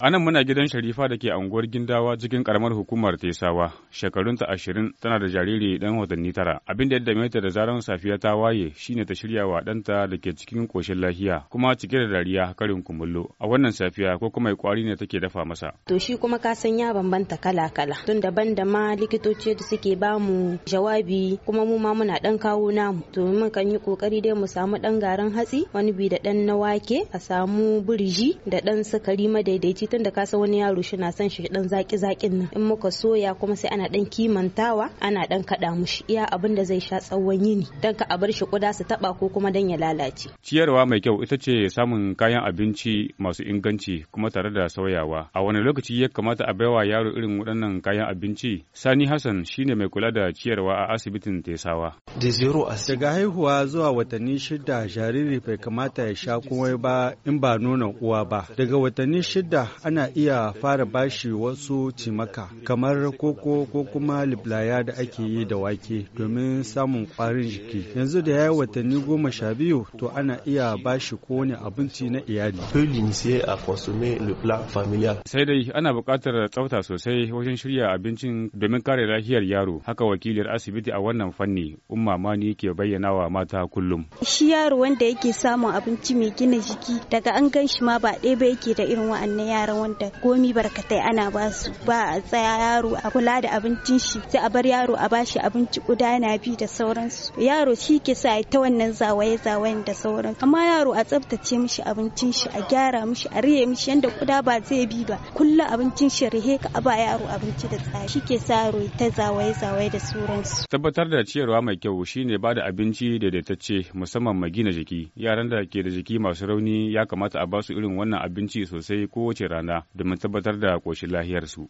A nan muna gidan Sharifa da ke anguwar Gindawa cikin karamar hukumar Tesawa. Shekarunta ashirin tana da jariri dan watanni tara. Abin da ya dame ta da zaran safiya ta waye shine ta shirya wa ɗanta da ke cikin koshin lafiya kuma cike da dariya karin kumullo. A wannan safiya ko kuma kwari ne take dafa masa. To shi kuma ka san ya bambanta kala-kala. Tun daban da ma likitoci da suke ba mu jawabi kuma mu ma muna dan kawo namu. To mun kan yi kokari dai mu samu dan garin hatsi wani bi da dan na wake a samu birji da dan sukari madaidaici tunda ka san wani yaro shi na son shi dan zaki zakin nan in muka soya kuma sai ana dan kimantawa ana dan kada mushi iya abin da zai sha tsawon yini dan ka a bar shi kuda su taba ko kuma dan ya lalace ciyarwa mai kyau ita ce samun kayan abinci masu inganci kuma tare da sauyawa a wani lokaci ya kamata a baiwa yaro irin waɗannan kayan abinci sani hassan shine mai kula da ciyarwa a asibitin tesawa daga haihuwa zuwa watanni shida jariri bai kamata ya sha komai ba in ba nonon uwa ba daga watanni shida ana iya fara bashi wasu cimaka kamar koko ko kuma liblaya da ake yi da wake domin samun ƙwarin jiki. Yanzu da ya yi watanni goma sha biyu to ana iya bashi kowane abinci na iyali. Sai dai ana buƙatar tsafta sosai wajen shirya abincin domin kare lafiyar yaro. Haka wakiliyar asibiti a wannan fanni Umma Mani ke bayyana wa mata kullum. Shi yaro wanda yake samun abinci mai gina jiki daga an gan shi ma ba ɗaya ba yake da irin wa'annan yara. yaran wanda komi barkatai ana ba su ba a tsaya yaro a kula da abincin shi sai a bar yaro a bashi abinci guda na bi da sauransu yaro shi ke sa ta wannan zawaye zawayen da sauran amma yaro a tsaftace mishi abincin shi a gyara mishi a riye mishi yanda kuda ba zai bi ba kullum abincin shi rihe ka a ba yaro abinci da tsaya shi ke sa yaro ta zawaye zawaye da sauransu tabbatar da ciyarwa mai kyau shine ba da abinci daidaitacce musamman mai gina jiki yaran da ke da jiki masu rauni ya kamata a ba su irin wannan abinci sosai kowace rana rana domin tabbatar da ƙoshin lahiyarsu.